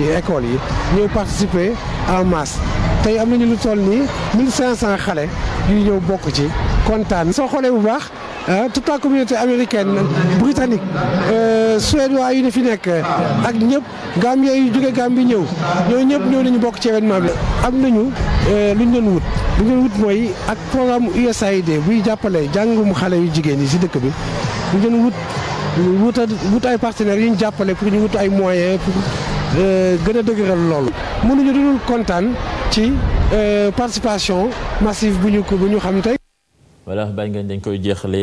yi école yi ñëw participer en masse tey am nañu lu toll nii 1500 xale yu ñëw bokk ci kontaan soo xoolee bu baax ah, toute la communauté américaine britannique euh, suédois yu ne fi nekk ak ñëpp Gambie yu jóge bi ñëw ñoo ñëpp ñëw nañu bokk ci événement bi am nañu euh, lu ñu doon wut lu ñu wut mooy ak programme USAID buy jàppale jàngum xale yu jigéen yi si dëkk bi lu ñu doon wut wuta wut ay partenaires yu ñu jàppale pour ñu wut ay moyens pour Euh, gën a dëgëral loolu. mënuñu dul kontaan ci euh, participation massive bu ñu ko bu ñu xam tey. voilà bàyyi ngeen dañ koy jeexalee.